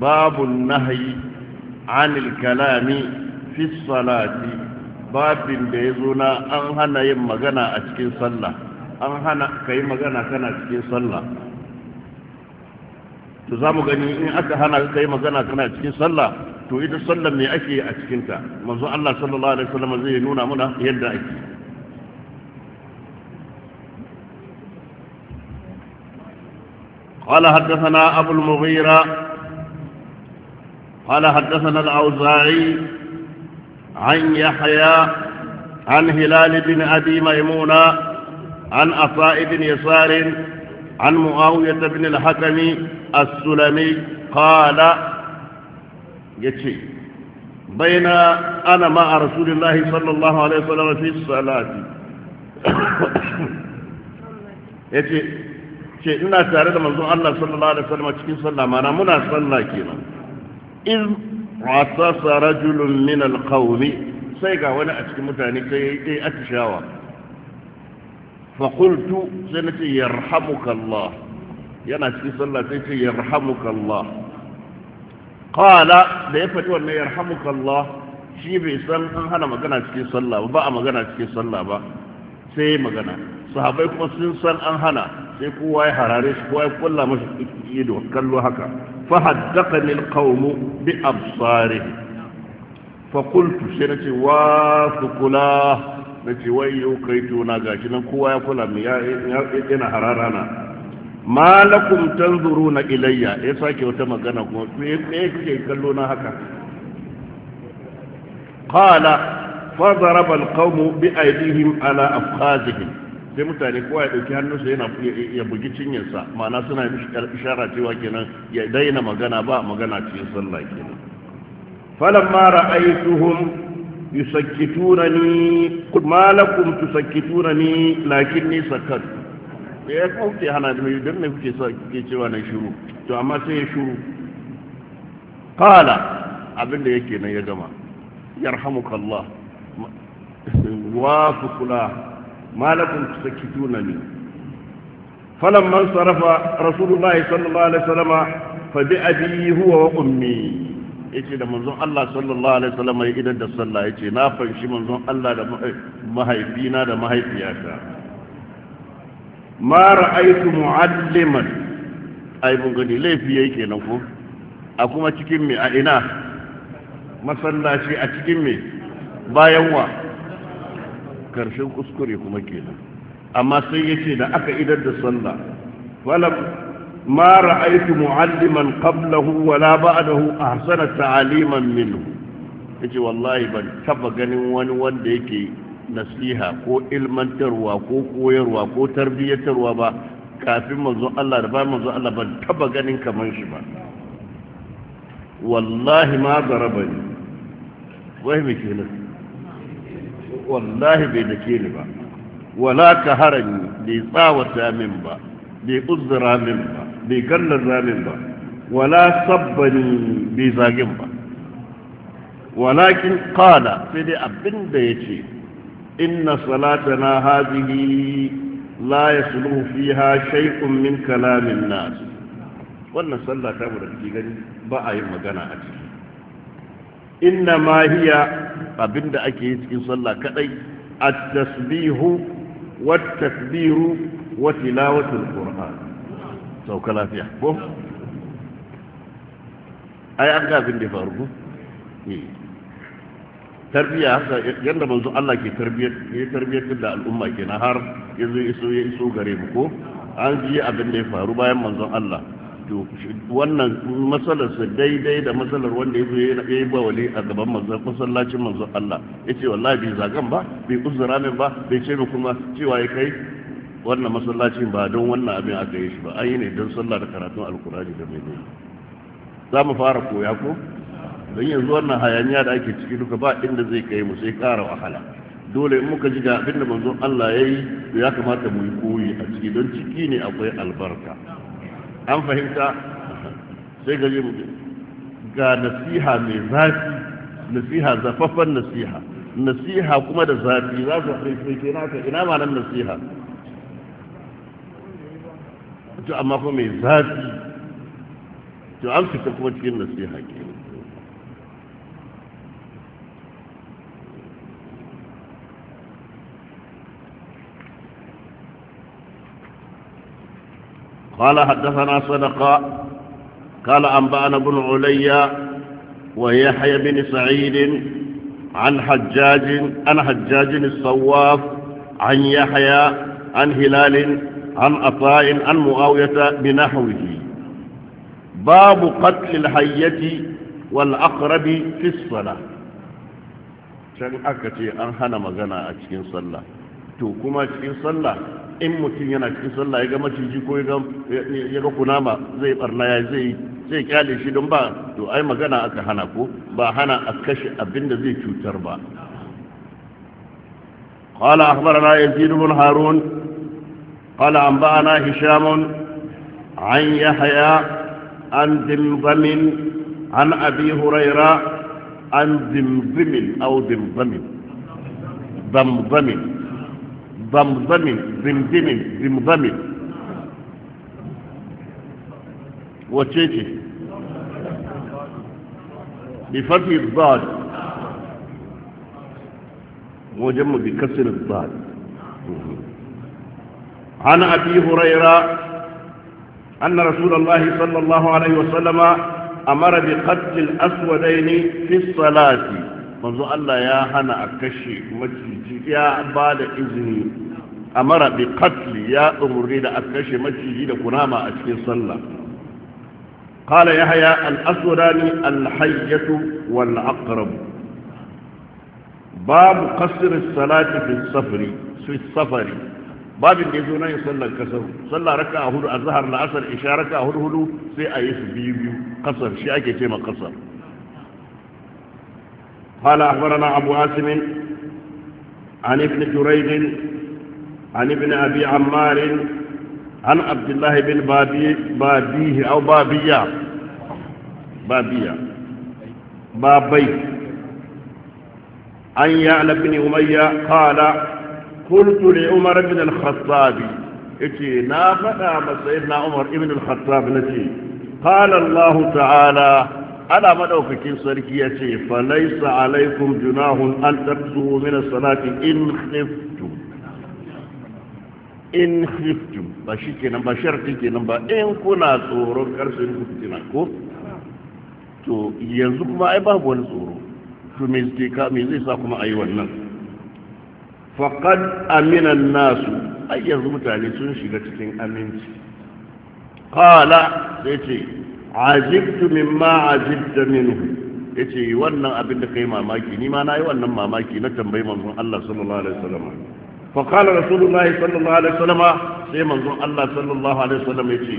باب النهي عن الكلام في الصلاة باب بيزونا أن هنا يمغنا أتكين صلى أن هنا كي مغنا كان أتكين صلى تزامو غني إن أكا هنا كي مغنا كان أتكين صلى to ita sallar ne ake a cikinta manzo Allah sallallahu alaihi wasallam zai nuna muna yadda ake قال حدثنا أبو المغيرة قال حدثنا الأوزاعي عن يحيى عن هلال بن أبي ميمونة عن عطاء بن يسار عن معاوية بن الحكم السلمي قال يتشي بين أنا مع رسول الله صلى الله عليه وسلم في الصلاة yace ce ina tare da manzon Allah sallallahu alaihi wasallam cikin sallah mana muna sallah kenan in rasasa rajulun min alqawmi sai ga wani a cikin mutane sai yayi atishawa fa qultu sai nace yarhamuka Allah yana cikin sallah sai ce yarhamuka Allah qala da ya faɗi wannan yarhamuka Allah shi bai san an hana magana cikin sallah ba a magana cikin sallah ba sai magana Sahabai kuma sun san an hana sai kowa ya harare shi kowa ya kulla mashi ido kallo haka fa haddaqani alqawm bi absarihi fa qultu sai nace wa sukula nace wai yau kai to na gashi nan kowa ya kula mu ya yana harara na ma zuru tanzuruna ilayya ya sake wata magana kuma ya kake kallo na haka qala فضرب bi بأيديهم ala أفخاذهم sai mutane kowa ya ɗauki hannunsa yana ya bugi cinyarsa ma'ana suna ishara cewa kenan ya daina magana ba magana cikin sallah kenan falamma ra'aytuhum يسكتونني ما لكم تسكتونني لكني سكت ya kauce hana da mai dan ne kuke ke cewa na shiru. to amma sai ya shiru. qala abin da yake nan ya gama yarhamukallah wa kula malakun sakituna ne falamman sarrafa rasulullahi sallallahu alaihi wasallama fa bi abi huwa wa ummi yace da manzon Allah sallallahu alaihi wasallam ya idan da sallah yace na fanshi manzon Allah da mahaifina da mahaifiyata ma ra'aytu mu'alliman ai mun gani laifi yake kenan ko a kuma cikin me a ina masallaci a cikin me bayan wa karshen kuskure kuma kenan amma sai yace da aka idar da sallah wala ma ra'aytu mu'alliman qablahu wala ba'dahu ahsana ta'aliman minhu yace wallahi ban taba ganin wani wanda yake nasiha ko ilmantarwa ko koyarwa ko tarbiyyatarwa ba kafin manzo Allah da bayan manzo Allah ban taba ganin kaman shi ba wallahi ma zarabani wai me kenan wallahi bai dake ni ba wala ka ni. bai tsawata min ba bai uzura min ba bai kallar min ba wala sabbani bai zagin ba walakin qala sai dai abin da ce inna salatana hadhihi la yasluhu fiha shay'un min kalamin nas wannan sallah ta mu da gani ba a yin magana a ciki inna ma hiya abinda ake yi cikin sallah kadai at-tasbihu wat-takbiru wa tilawatul qur'an sauka lafiya ko ai an ga abin da faru eh. tarbiya haka yadda manzo Allah ke tarbiyar ke tarbiyar da al'umma kenan har yanzu iso ya iso gare mu ko an ji abin da ya faru bayan manzon Allah to wannan matsalar sa daidai da matsalar wanda ya zo ya yi bawali a gaban manzon masallacin manzon Allah ya ce wallahi bai zagan ba bai uzura min ba bai ce kuma cewa ya kai wannan masallacin ba don wannan abin aka yi shi ba an yi ne don sallah da karatun alkurani da mai za mu fara koya ko don yanzu wannan hayaniya da ake ciki duka ba inda zai kai mu sai kara wahala dole in muka ji ga abin da manzon Allah ya yi ya kamata mu yi koyi a ciki don ciki ne akwai albarka an fahimta sai gari mu ga nasiha mai zafi nasiha zafaffen nasiha nasiha kuma da zafi za su faifaike naka ina ma nan nasiha to amma kuma mai zafi to an fita kuma cikin nasiha ke قال حدثنا صدقاء قال أنبأنا بن علي ويحيى بن سعيد عن حجاج عن حجاج الصواف عن يحيى عن هلال عن عطاء عن معاوية بنحوه باب قتل الحية والأقرب في الصلاة شن أكتي أنهنا مغنى أكين صلى to kuma cikin sallah in mutum yana cikin sallah ya ga maciji ko ya ga kunama zai barna ya zai zai kyale shi don ba to ai magana aka hana ko ba hana a kashe abin da zai cutar ba قال أخبرنا يزيد بن هارون قال أنبأنا هشام عن يحيى عن ذمذم عن أبي هريرة عن ذمذم أو ذمذم ذمذم ضمضم زمزم زمزم وتشيكي بفتح الضاد وجم بكسر الضاد عن أبي هريرة أن رسول الله صلى الله عليه وسلم أمر بقتل الأسودين في الصلاة manzo Allah ya hana a kashe maciji ya ba da izini a mara bi katli ya umurni da a kashe maciji da kunama a cikin sallah kala ya haya al'asurani alhayyatu wani akarab babu kasir salati fi safari safari babin da ya zo na sallar kasar sallar a hudu a zahar na asar isha raka hudu hudu sai a yi su biyu biyu kasar shi ake ce ma kasar قال أخبرنا أبو عاصم عن ابن جريج عن ابن أبي عمار عن عبد الله بن بابي بابيه أو بابية بابية بابي عن يعلى بن أمية قال قلت لعمر بن الخطاب إتي نافع سيدنا عمر بن الخطاب نتي قال الله تعالى ana madaukakin sarki ya ce falaisa alaikum junahun an tarzu min as-salati in khiftum in khiftum ba kenan ba sharti kenan ba in kuna tsoron karshen ku fitina ko to yanzu kuma ai babu wani tsoro to me zai ka me zai sa kuma ayi wannan faqad amina an-nas ai yanzu mutane sun shiga cikin aminci qala sai ce ajibtu mimma ajibta minhu yace wannan abin da kai mamaki ni ma nayi wannan mamaki na tambayi manzon Allah sallallahu alaihi wasallam fa qala rasulullahi sallallahu alaihi wasallam sai manzon Allah sallallahu alaihi wasallam yace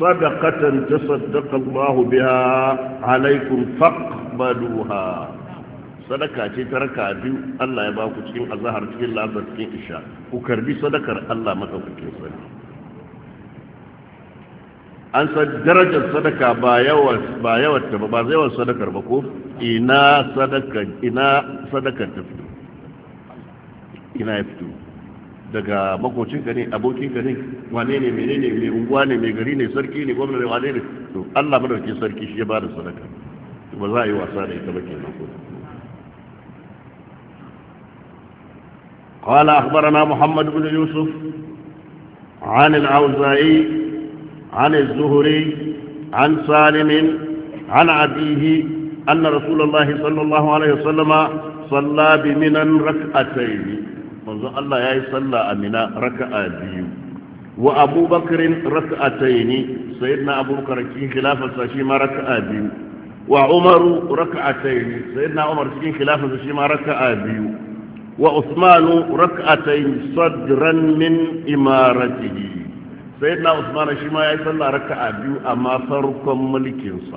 sadaqatan tasaddaqa Allahu biha alaikum faqbaluha sadaka ce ta raka biyu Allah ya ba ku cikin azahar cikin lazar cikin isha ku karbi sadakar Allah madaukakin sarki an san darajar sadaka ba yawan ba yawan ta ba yawan sadakar ba ko ina sadaka ina sadakar ta fito ina ya fito daga makocin ka ne abokin ka ne wane ne menene mai unguwa ne mai gari ne sarki ne gwamnati ne wane ne to Allah madaukakin sarki shi ya ba da sadaka to ba za a yi wasa da ita ba kenan ko قال أخبرنا محمد بن يوسف عن الأوزاعي عن الزهري عن سالم عن عبيه أن رسول الله صلى الله عليه وسلم صلى بمنا ركعتين منذ الله يا صلى أمنا ركعة وأبو بكر ركعتين سيدنا أبو بكر كين خلافة ساشيما ركعة وعمر ركعتين سيدنا عمر كين خلافة ساشيما ركعة وعثمان ركعتين صدرا من إمارته sai na usmana shi ma ya yi sallah raka a biyu amma farkon mulkinsa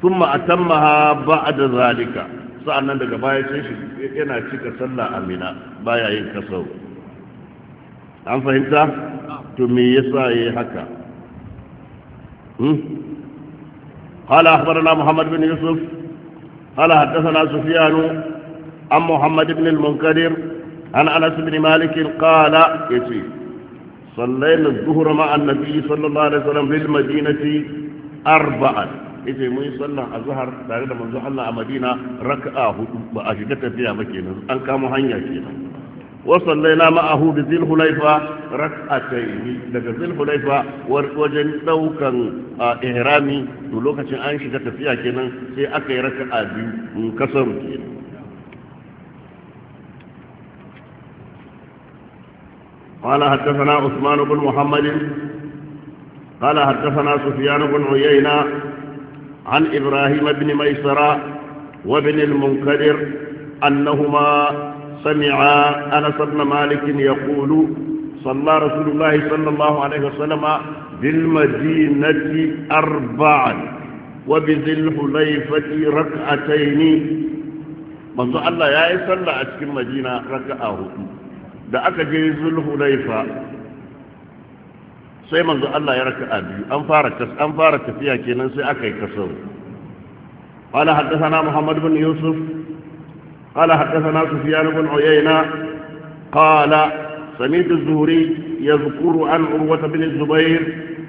sun ma'atan maha ba a da zalika sa'an nan daga baya ce shi yana cika sallah amina baya yin kasau an fahimta to me yasa ya haka قال أخبرنا محمد بن يوسف قال حدثنا سفيان عن محمد بن المنكدر عن أنس بن مالك قال يسير صلينا الظهر مع النبي صلى الله عليه وسلم بالمدينة أربعا إذا من صلى الظهر تعالى من زحلنا مدينة ركعة أشدت فيها مكينة أن كانوا هنيا كينا وصلينا معه بذي الحليفة ركعتين لك ذي الحليفة وجن دوكا إهرامي تلوكة أنشدت فيها كينا سيأكي ركعة بكسر كينا قال حدثنا عثمان بن محمد قال حدثنا سفيان بن عيينة عن إبراهيم بن ميسرة وابن المنكدر أنهما سمعا أنس بن مالك يقول صلى رسول الله صلى الله عليه وسلم بالمدينة أربعا وبذي الحليفة ركعتين منذ الله يا صلى أتكم مدينة ركعة هدو da aka je zulhulaifa sai manzo Allah ya raka biyu an fara kas an fara tafiya kenan sai aka yi kasau qala haddathana muhammad ibn yusuf qala haddathana sufyan ibn uyayna qala sami'tu az-zuhri yadhkuru an urwata bin zubair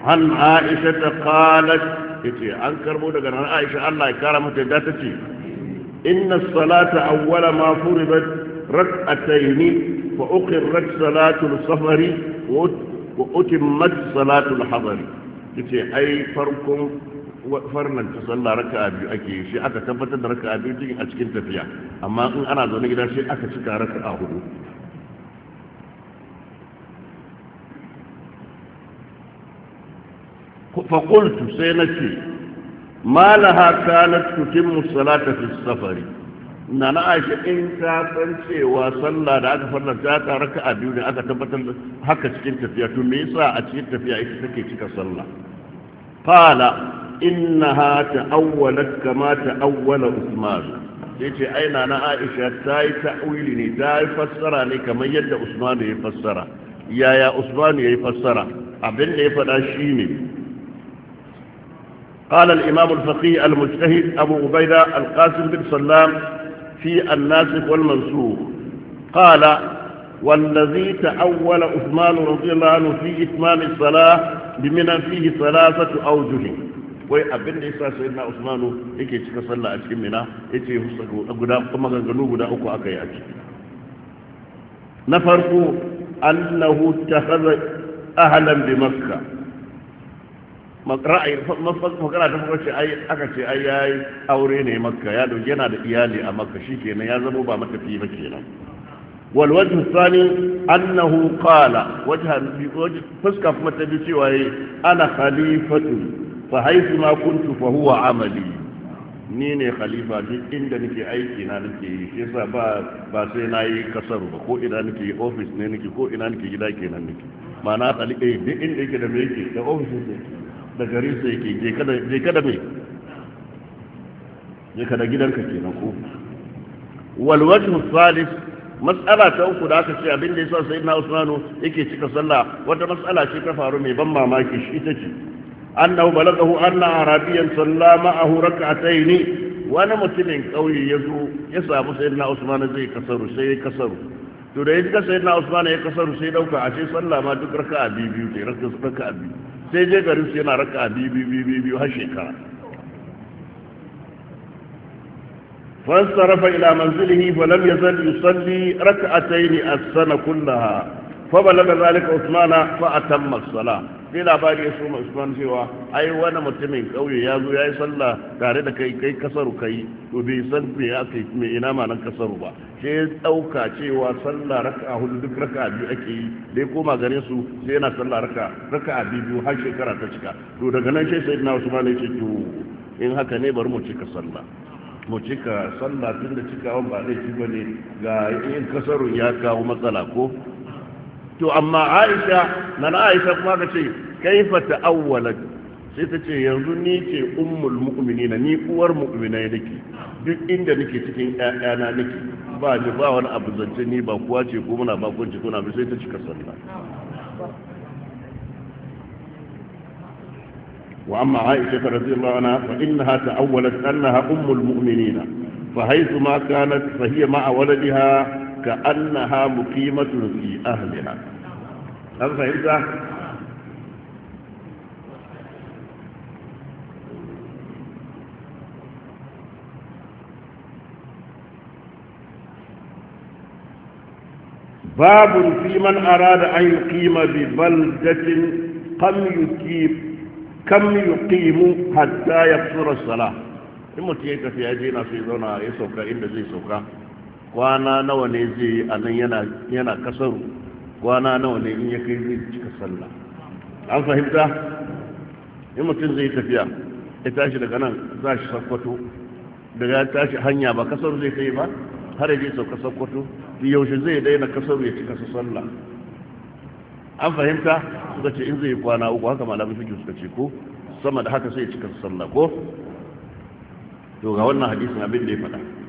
عن عائشة قالت عن كربونة عن عائشة الله يكرم تداتتي إن الصلاة أول ما فرضت ركعتين وأقرت صلاة السفر وأتمت صلاة الحضر كتي ai farkon farnan ta sallah raka biyu ake shi aka tabbatar da raka biyu cikin a cikin tafiya amma in ana zaune gida shi aka cika raka a hudu fa faƙultu sai na ce ma laha kanat tutimmu salata fi safari na na aisha in ta san cewa sallah da aka farla ta raka a biyu ne aka tabbatar haka cikin tafiya to me yasa a cikin tafiya ita take cika sallah qala innaha ta'awwalat kama ta'awwala usman yace ai na na aisha ta yi ta'wili ne ta yi fassara ne kamar yadda usman ya fassara yaya usman ya yi fassara abin da ya faɗa shine قال الإمام الفقيه المجتهد أبو عبيدة القاسم بن سلام في الناسخ والمنسوخ قال والذي تأول عثمان رضي الله عنه في إتمام الصلاة بمن فيه ثلاثة أوجه وي أبن إسا سيدنا عثمان إكي إيه تكسل الله أجل منا إكي إيه حسكو أقدا قمغا قنوب دا أكو أكي أجل نفرق أنه اتخذ أهلا بمكة ra'ayi magana ta farko ce aka ce ai yi aure ne makka ya dauki yana da iyali a makka kenan ya zama ba matafi ba kenan wal wajh thani annahu qala wajha fuska kuma ta bi cewa yi ana khalifatu fa haythu ma kuntu fa huwa amali ni ne khalifa duk inda nake aiki na nake yi shi yasa ba ba sai na yi kasaru ba ko ina nake office ne nake ko ina nake gida kenan nake ma'ana tsali eh duk inda yake da me yake da office ne da garin sa yake je kada mai je kada gidanka ke ko walwajin salis matsala ta uku da aka ce abin da ya sa sai na usmanu yake cika sallah wata matsala ce ta faru mai ban mamaki shi ita ce annahu balagahu anna arabiyan sallama ahu rak'atayn wani mutumin kauye ya zo ya samu sayyidina Usmanu zai kasaru sai ya kasaru to da ya ji sayyidina Usmanu ya kasaru sai dauka a ce sallah ma duk raka biyu biyu ce biyu sai je gari su yana raka biyu-biyu-biyu har shekara fasara fa ila manzilihi fa lam yazal yusalli a as-sana kullaha فبلغ zalika عثمان فأتم الصلاة fi labari ya suma usman cewa ai wani mutumin kauye ya zo ya yi sallah tare da kai kai kasaru kai to bai san me ya me ina ma nan kasaru ba sai ya dauka cewa sallah raka'a hudu duk raka'a biyu ake yi dai koma gare su sai yana sallah raka'a raka'a biyu har shekara ta cika to daga nan sai sayyidina usman ya ce to in haka ne bari mu cika sallah mu cika sallah tun da cikawan ba zai ci bane ga yin kasaru ya kawo matsala ko to amma aisha na aisha kuma ka ce kaifa ta'awwalat sai ta ce yanzu ni ce ummul mu'minina ni uwar mu'minai nake duk inda nake cikin ƴaƴana nake ba ni ba wani abu zance ni ba kuwa ce ko muna bakunci ko na bi sai ta cika sallah Wa amma Aisha, ta fa عائشة رضي الله عنها فإنها تأولت أنها أم المؤمنين فحيثما كانت فهي مع ولدها كأنها مقيمة في أهلها an fahimta باب في من أراد أن يقيم ببلدة كم يقيم كم يقيم حتى يكثر الصلاة in mutum ya tafi ya je na su zauna ya sauka inda zai sauka kwana nawa ne zai a nan yana kasaru kwana nawa ne in ya kai zai cika sallah an fahimta in mutum zai tafiya ya tashi daga nan za shi sakwato daga ya tashi hanya ba kasar zai kai ba har yaje sauka sakwato yaushe zai daina kasar ya cika su sallah an fahimta suka ce in zai kwana uku haka malamin fikin suka ce ko sama da haka sai ya cika su sallah ko to ga wannan hadisin abin da ya faɗa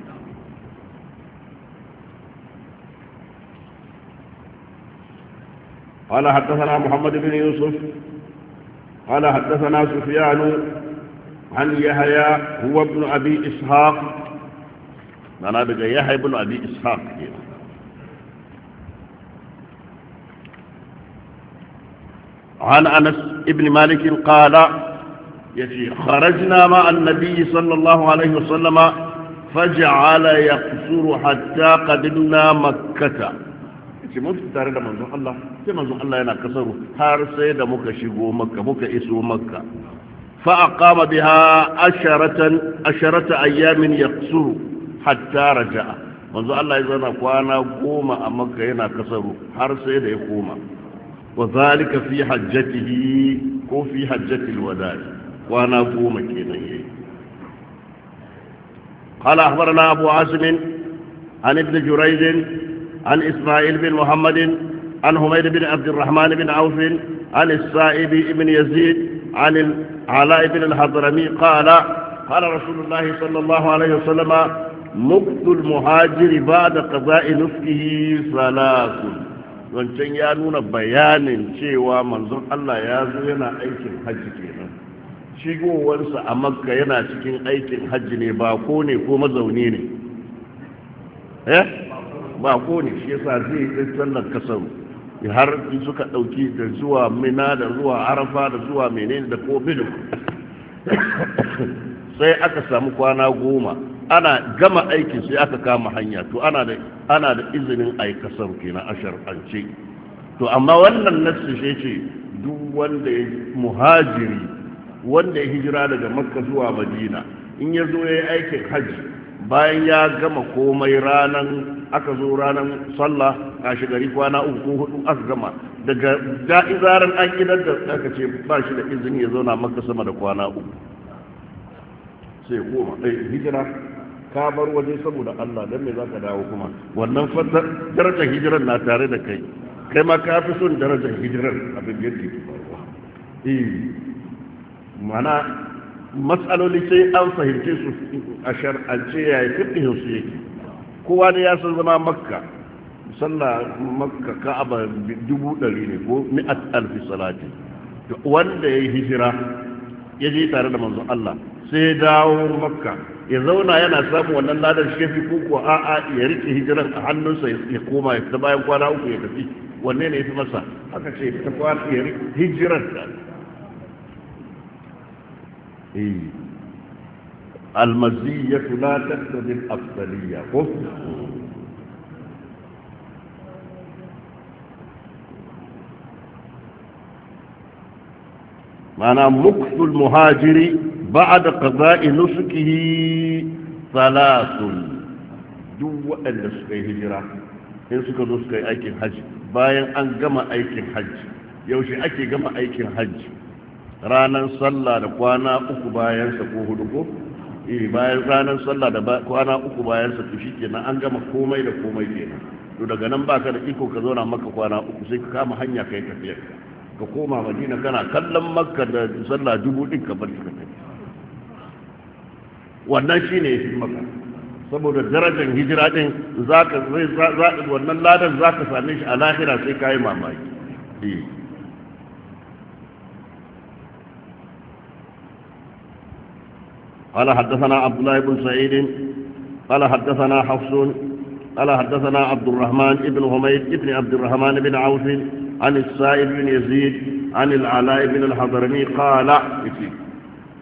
قال حدثنا محمد بن يوسف قال حدثنا سفيان عن يحيى هو ابن أبي إسحاق أنا نعم، بقى يحيى بن أبي إسحاق عن أنس ابن مالك قال خرجنا مع النبي صلى الله عليه وسلم فجعل يقصر حتى قدمنا مكة ce mutu tare da manzon Allah sai manzon Allah yana kasaru har sai da muka shigo makka muka iso makka fa aqama biha asharatan asharata ayamin yaqsuru hatta raja'a manzon Allah ya zauna kwana goma a makka yana kasaru har sai da ya koma wa zalika fi hajjatihi ko fi hajjatil wada'i kwana goma kenan yayi قال أخبرنا أبو عاصم عن ابن جريج عن إسماعيل بن محمد عن حميد بن عبد الرحمن بن عوف عن السائب بن يزيد عن العلاء بن الحضرمي قال قال رسول الله صلى الله عليه وسلم مقت المهاجر بعد قضاء نفسه ثلاث zancen ya nuna bayanin cewa manzon Allah ya zo yana aikin hajji kenan shigowarsa a makka yana cikin aikin hajji ne ba ko ne ko mazauni ne eh ba ko ne shi yasa zai yi sallar kasar har suka ɗauki da zuwa mina da zuwa arafa da zuwa menene da ko bidu sai aka samu kwana goma ana gama aikin sai aka kama hanya to ana da ana da izinin a yi kasar kenan a shar'ance to amma wannan nassi shi ce duk wanda ya muhajiri wanda ya hijira daga makka zuwa madina in ya zo ya yi aikin hajji bayan ya gama komai ranar aka zo ranar sallah a shigari kwana uku ko hudu aka gama daga da'izaran an gidan da aka ce ba shi da izini ya zauna maka sama da kwana uku sai goma ɗaya eh, hijira ka bar waje saboda Allah don me za ka dawo kuma wannan fatar darajar hijirar na tare da kai kai ma ka fi son darajar hijirar abin yadda ke faruwa eh, mana matsaloli sai an fahimce su a shar'ance ya yi fiɗin su yake kowa da ya san zama makka sallah makka ka'aba dubu ɗari ne ko mi'at alfi salati wanda ya yi hijira ya je tare da manzon Allah sai dawo makka ya zauna yana samun wannan ladar shefi ko kuwa a'a ya rike hijiran a hannunsa ya koma ya fita bayan kwana uku ya tafi wanne ne ya fi masa aka ce ta kwana ya rike hijiran إيه. المزية لا تقتضي الأفضلية معنى مكث المهاجر بعد قضاء نسكه ثلاث دو أن نسكي هجرة نسك سكى أيك الحج حج باين أن قم أيك حج يوشي أكي قم أيك حج ranar sallah da kwana uku bayansa ko hudu ko eh bayan ranar sallah da kwana uku bayansa to shikenan an gama komai da komai kenan to daga nan baka da iko ka zauna maka kwana uku sai ka kama hanya kai tafiyar ka koma madina kana kallon makka da sallah dubu din ka bar ka tafi wannan shine ya maka saboda darajar hijira din zaka zai wannan ladan zaka same shi a lahira sai kai mamaki eh قال حدثنا عبد الله بن سعيد قال حدثنا حفص قال حدثنا عبد الرحمن بن حميد بن عبد الرحمن بن عوف عن السائب بن يزيد عن العلاء بن الحضرمي قال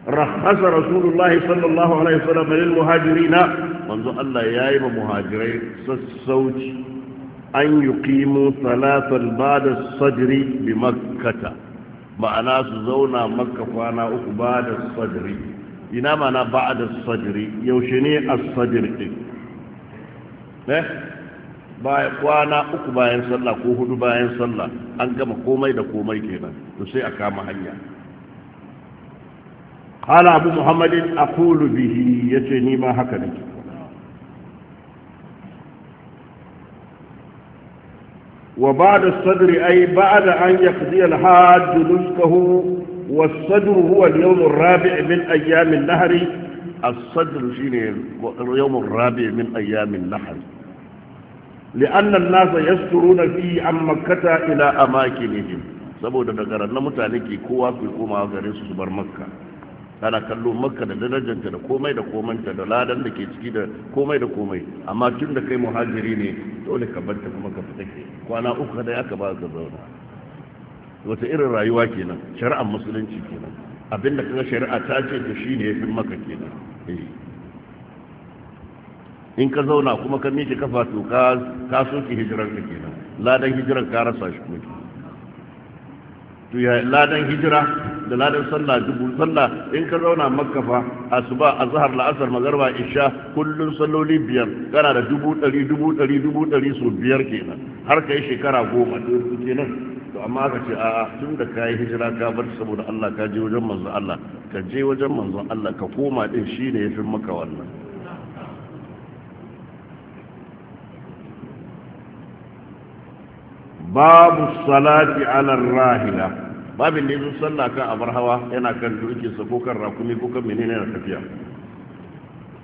رخص رسول الله صلى الله عليه وسلم للمهاجرين منذ الله يا إما مهاجرين سسوج أن يقيموا ثلاثة بعد الصدر بمكة معناه زونا مكة فانا أكباد الصدر ina mana ba da sadiri yaushe ne a sadiri ne eh kwana uku bayan sallah ko hudu bayan sallah an gama komai da komai kenan to sai a kama hanya qala abu muhammadin aqulu bihi ya ni ma haka nake ai ba da an أن يقضي hajji nuskahu والصدر هو اليوم الرابع من أيام النهر الصدر شيني اليوم الرابع من أيام النهر لأن الناس يسترون فيه عن مكة إلى أماكنهم saboda daga ranar mutane ke kowa قوما komawa gare su su bar makka ana kallon makka da darajanta da komai da da ladan da ke ciki da komai da komai amma tun da kai muhajiri ne dole ka bar kuma ka fita kwana uku da ya ba ka zauna wata irin rayuwa kenan shari'ar musulunci kenan abinda kaga shari'a ta ce shi ne yafi maka kenan eh. in ka zauna kuma ka miƙe kafa to ka ka soke hijiran ka kenan ladan hijiran ka rasa shi kuma to ya ladan hijira da ladan sallah dubu sallah in ka zauna makka fa asuba azhar la'asar magarba isha kullun salloli biyar kana da dubu ɗari dubu ɗari dubu ɗari so biyar kenan har kai shekara goma to kenan to amma aka ce a'a tun da ka yi hijira ka bar saboda Allah ka je wajen manzon Allah ka je wajen manzon Allah ka koma din shine yafi maka wannan babu salati ala rahila babin da yin sallah kan abar hawa yana kan doki sa ko kan rakumi ko kan menene na tafiya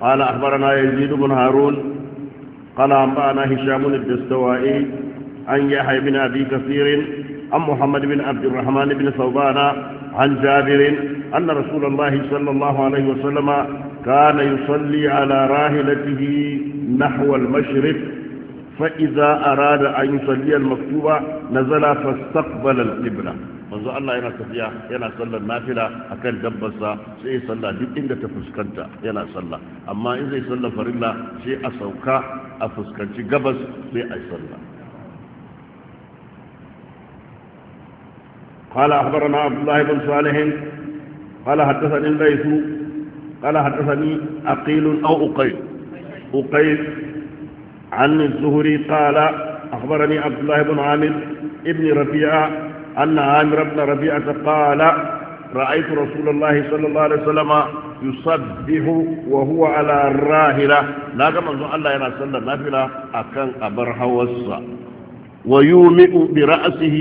قال أخبرنا يزيد بن هارون قال أنبأنا هشام الدستوائي عن يحيى بن أبي كثير عن محمد بن عبد الرحمن بن ثوبان عن جابر أن رسول الله صلى الله عليه وسلم كان يصلي على راهلته نحو المشرق فإذا أراد أن يصلي المكتوبة نزل فاستقبل القبلة manzo Allah yana tafiya yana sallar nafila akan dabbarsa sai ya duk inda ta fuskanta yana salla amma in zai salla farilla sai a sauka a fuskanci gabas sai a salla قال أخبرنا عبد الله بن صالح قال حدثني الليث قال حدثني أقيل أو أقيل أقيل عن الزهري قال أخبرني عبد الله بن عامر ابن ربيعة أن عامر بن ربيعة قال رأيت رسول الله صلى الله عليه وسلم يصبح وهو على الراهلة لا كما الله يرسل نافلة أكن أبرها وصا ويومئ برأسه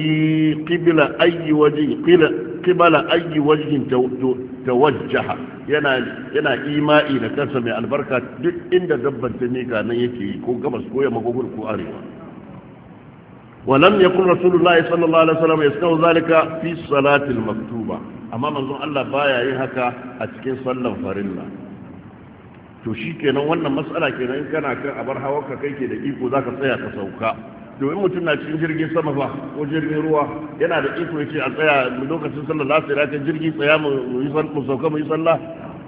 قبل أي وجه قبل أي وجه توجه yana yana ima'i da kansa mai albarka duk inda dabban ta mika nan yake ko gabas ko yamma ko kudu ko arewa walam yakun rasulullahi sallallahu alaihi wasallam yasnau zalika fi salati maktuba amma manzon Allah baya yi haka a cikin sallar farilla to shi kenan wannan matsala kenan in kana kan bar hawa ka kai ke da iko zaka tsaya ka sauka domin mutum na cikin jirgin sama ba ko jirgin ruwa yana da iko ya a tsaya lokacin sallah lafiya ya jirgin tsaya mu yi sauka mu yi sallah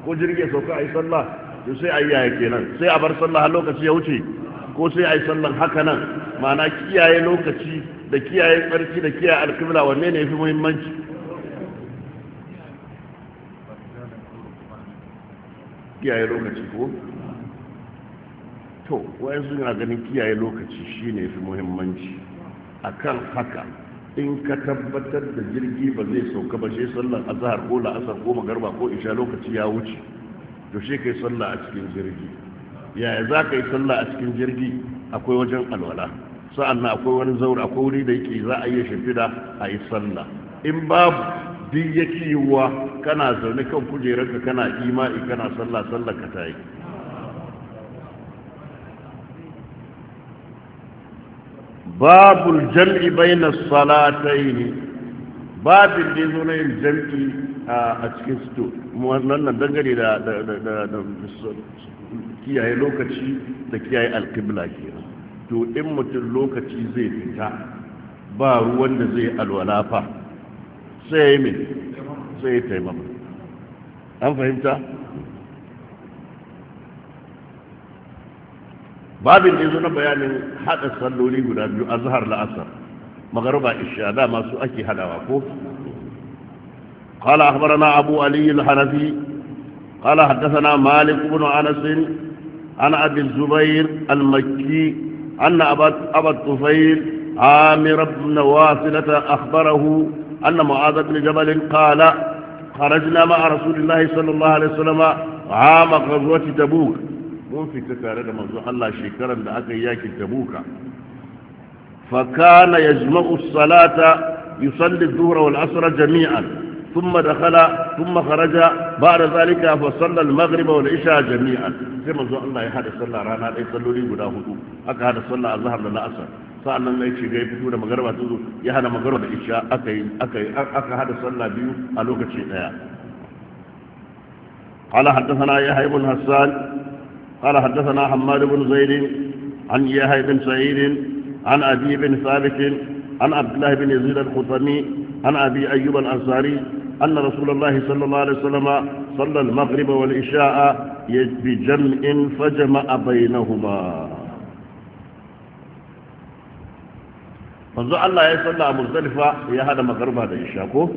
ko jirgin sauka a yi sallah to sai a yi yaya kenan sai a bar sallah har lokaci ya wuce ko sai a yi sallah haka nan ma'ana kiyaye lokaci da kiyaye tsarki da kiyaye alkibla wanne ne ya fi muhimmanci kiyaye lokaci ko to wayansu na ganin kiyaye lokaci shine fi muhimmanci akan haka in ka tabbatar da jirgi ba zai sauka ba sai sallar azhar ko la'asar ko magarba ko isha lokaci ya wuce to shi kai sallah a cikin jirgi yaya za ka yi sallah a cikin jirgi akwai wajen alwala sa'an nan akwai wani zaure akwai wuri da yake za a iya shimfida a yi sallah in babu duk yake yiwuwa kana zaune kan kujerarka kana ima'i kana sallah sallah ka ta yi babul jam'i yi ne babin da yazo na yin jam'i a cikin sito wannan nan dangane da da kiyaye lokaci da kiyaye alqibla to in mutum lokaci zai fita ba ruwan da zai alwala fa sai ya yi mai sai ya taimama an fahimta babin da yazo na bayanin hada salloli guda biyu azhar la asr ما isha da masu ake hadawa ko قال أخبرنا أبو علي الحنفي قال حدثنا مالك بن أنس عن أبي الزبير المكي أن أبا الطفيل عامر بن واصلة أخبره أن معاذ بن جبل قال خرجنا مع رسول الله صلى الله عليه وسلم عام غزوة تبوك mun fita tare da manzo Allah shekaran da aka yi yakin tabuka fa kana yajma'u salata yusalli dhuhra wal asra jami'an ثم دخل ثم خرج بعد ذلك فصلى المغرب والعشاء جميعا sai manzo Allah ya hada sallah rana ɗaya salloli guda hudu aka hada sallah azhar da la'asar sa'annan ne ce ga fito da magariba ta zo ya hada magarba da isha aka yi aka yi aka hada sallah biyu a lokaci daya قال حدثنا يحيى بن حسان قال حدثنا حماد بن زيد عن يحيى بن سعيد عن أبي بن ثابت عن عبد الله بن يزيد الخطمي عن أبي أيوب الأنصاري أن رسول الله صلى الله عليه وسلم صلى المغرب والعشاء بجمع فجمع بينهما فزع الله يصلى salla يا هذا مغرب هذا magarba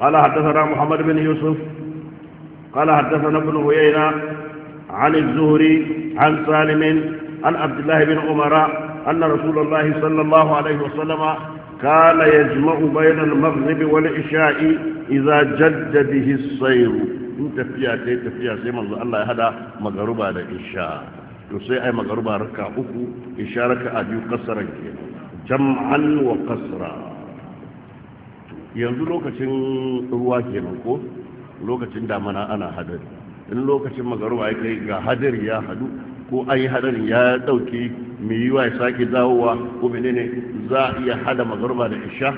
قال حدثنا محمد بن يوسف قال حدثنا ابن هيينة عن الزهري عن سالم عن عبد الله بن عمر أن رسول الله صلى الله عليه وسلم كان يجمع بين المغرب والعشاء إذا جد به الصير in tafiya ta yi tafiya sai manzo Allah ya hada magaruba da isha to sai ai magaruba raka uku isha raka a biyu kasaran ke jam'an wa kasra yanzu lokacin ruwa kenan ko lokacin damana ana hadari in lokacin magaruwa ya kai ga hadari ya hadu ko an yi hadari ya dauke mai wa ya sake zawowa ko ne za a iya hada magaruwa da isha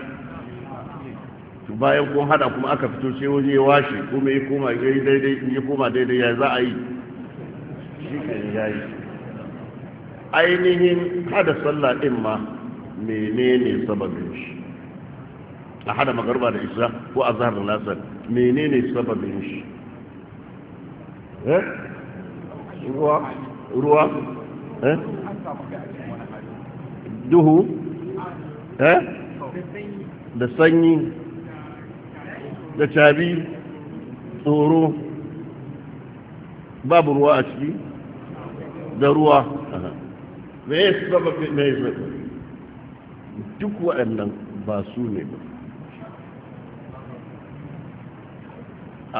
bayan kun hada kuma aka fito sai waje ya washe koma ya yi daidai ya koma daidai ya za a yi shi ke ya yi ainihin hada sallah din ma menene sababin shi a hada magarba da isra ko a zahar lasar menene sababin shi eh? ruwa eh? duhu eh? da sanyi da cabi tsoro babu ruwa a ciki da ruwa me sababin me ya duk waɗannan ba su ne ba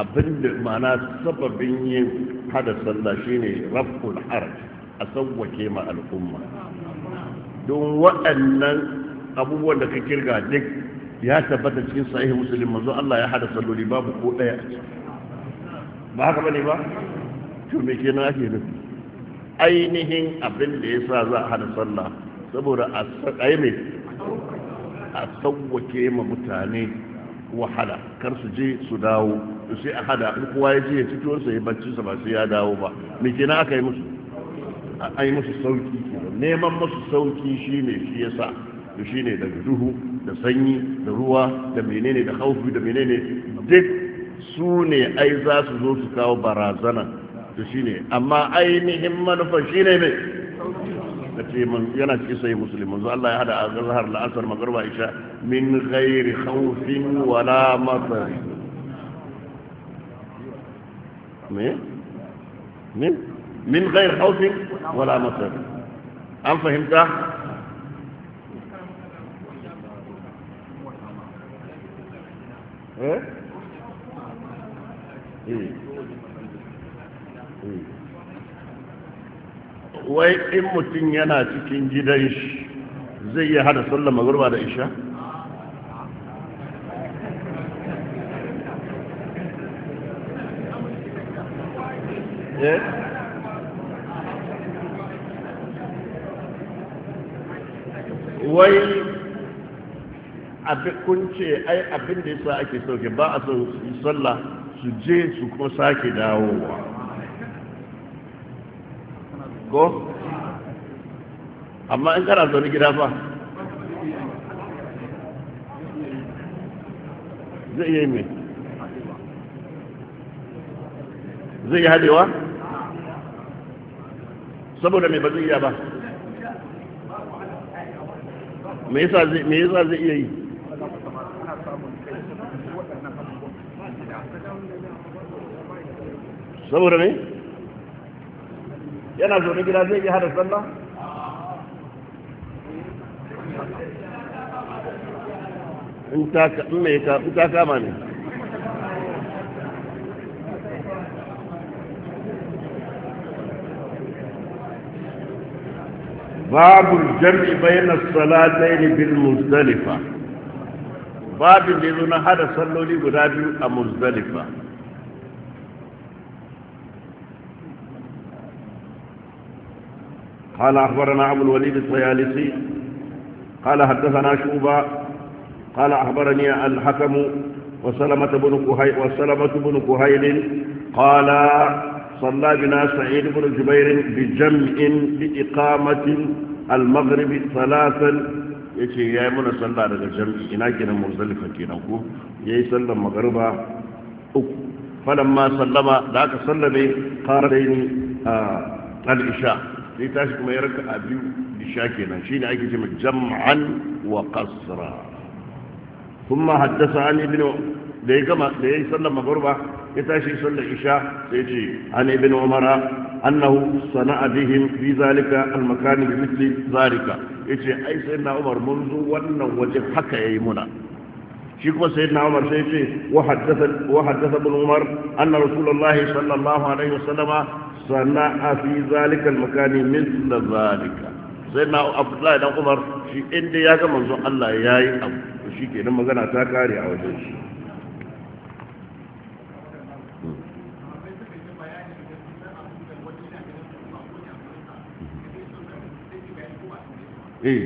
abin da mana sababin yin hada sallah shine rafkul haraj a sauwake ma al'umma don waɗannan abubuwan da ka kirga duk ya tabbata cikin sahih muslim manzo Allah ya hada salloli babu ko daya ba haka bane ba to me na ake nufi ainihin abin da ya sa za a hada sallah saboda a sakai mai a sauƙaƙe ma mutane wahala kar su je su dawo sai a hada in kowa ya je ya fito sa ya bacci sa ba sai ya dawo ba me kenan aka yi musu a yi musu sauki kenan neman musu sauki shine shi yasa da shine daga duhu da sanyi da ruwa da menene da haufi da menene duk su ne ai za su zo su kawo barazana to shine amma ainihin manufar shine mai kace man yana cikin sai muslim manzo Allah ya hada azhar la'asar magriba isha min ghairi khawfin wala matar me min min ghairi khawfin wala matar an fahimta eh eh wai in mutum yana cikin gidan shi zai yi hada sallar gurba da isha eh? wai kun ce ai abin da yasa ake sauke ba a son sallah su je su kuma sake dawowa ko amma in kana zaune gida fa zai iya yi mai zai yi hadewa saboda mai ba zai iya ba me yasa zai iya yi saboda mai yana zo gida zai yi hada sallah in ta ta kama ne babu jam'i bayyana salatai bil muzdalifa babin da zo na hada salloli guda biyu a muzdalifa قال أخبرنا أبو الوليد الطيالسي قال حدثنا شوبا قال أخبرني الحكم وسلمة بن كهيل وسلمة بن كهيل قال صلى بنا سعيد بن جبير بجمع بإقامة المغرب ثلاثا يجي يا من صلى على الجمع إنا كنا مزدلفة كنا يجي صلى المغرب فلما سلم ذاك سلم قارين آه الإشاء sai tashi kuma ya raka a biyu isha kenan shine ake cewa jam'an wa qasra kuma haddasa an ibn da ya gama da yayi sallar magruba ya tashi sallar isha sai ya ce an ibn umara annahu sana'a bihim fi zalika al-makan bi mithli zalika yace ai sai na umar mun zo wannan waje haka yayi muna shi kuma sai na umar sai ce wa haddasa wa haddasa ibn umar anna rasulullahi sallallahu alaihi wasallama sana'a fi zalikal makani min da zalika sai na abdullahi dan umar shi inda ya ga manzon Allah ya yi abu shi ke nan magana ta kare a wajen shi hmm. eh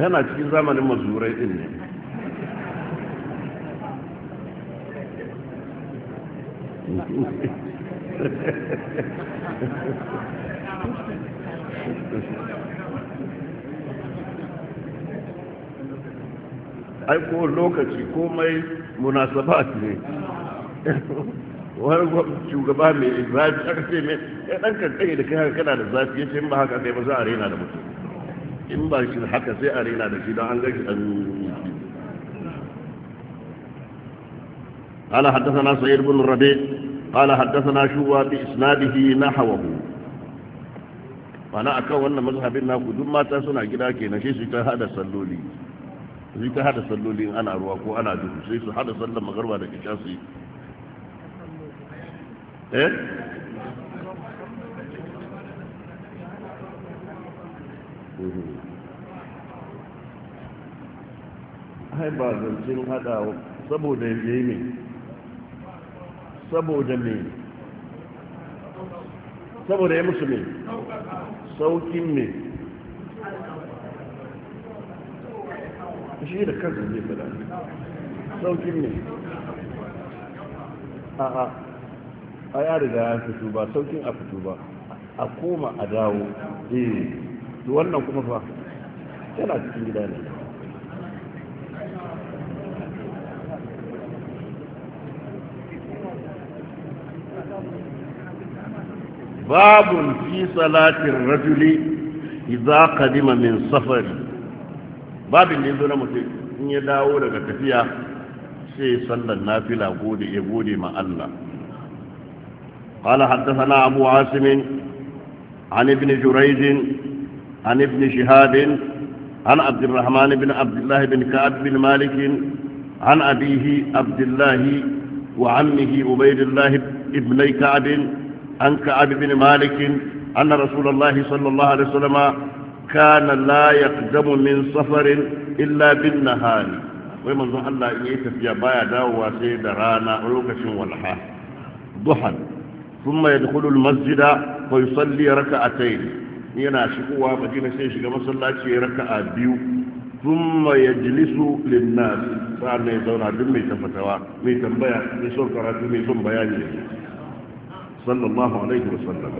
yana cikin zamanin mazurai din ne ai ko lokaci komai munasaba ne wani shugaba mai zafi aka ce mai ya ɗan kankan da kai kana da zafi ya ce in ba haka kai ba za a rena da mutum in ba shi haka sai a rena da shi don an gaji an yi قال حدثنا سعيد بن الربيع قال حدثنا شوى بإسناده نحوه وانا اكو wannan mazhabin na ku duk mata suna gida kenan shi su ta hada salloli su ta hada salloli in ana ruwa ko ana duhu sai su hada sallar magharba da kisha su yi eh hai ba zancen hada saboda yayi saboda ne saboda ya musu ne saukin ne shi da kansa zai fada saukin ne a'a a ya riga ya fito ba saukin a fito ba a koma a dawo eh wannan kuma fa yana cikin gida ne باب في صلاة الرجل إذا قدم من سفر باب اللي يقول متين إن يداو لك شيء صلى النافلة قولي يقولي مع الله قال حدثنا أبو عاصم عن ابن جريج عن ابن شهاب عن عبد الرحمن بن عبد الله بن كعب بن مالك عن أبيه عبد الله وعمه عبيد الله ابن كعب عن كعب بن مالك أن رسول الله صلى الله عليه وسلم كان لا يقدم من سفر إلا بالنهار ومن ظن الله إن يتفيا بايا داوة سيد رانا ولوكش والحا ضحى ثم يدخل المسجد ويصلي ركعتين ينا شكوى مدينة سيشك مسلاتي ركعة بيو ثم يجلس للناس فأنا يزون عدم ميتا فتوى ميتا بيا ميسون كراتو ميسون بياني sallallahu alaihi wasallam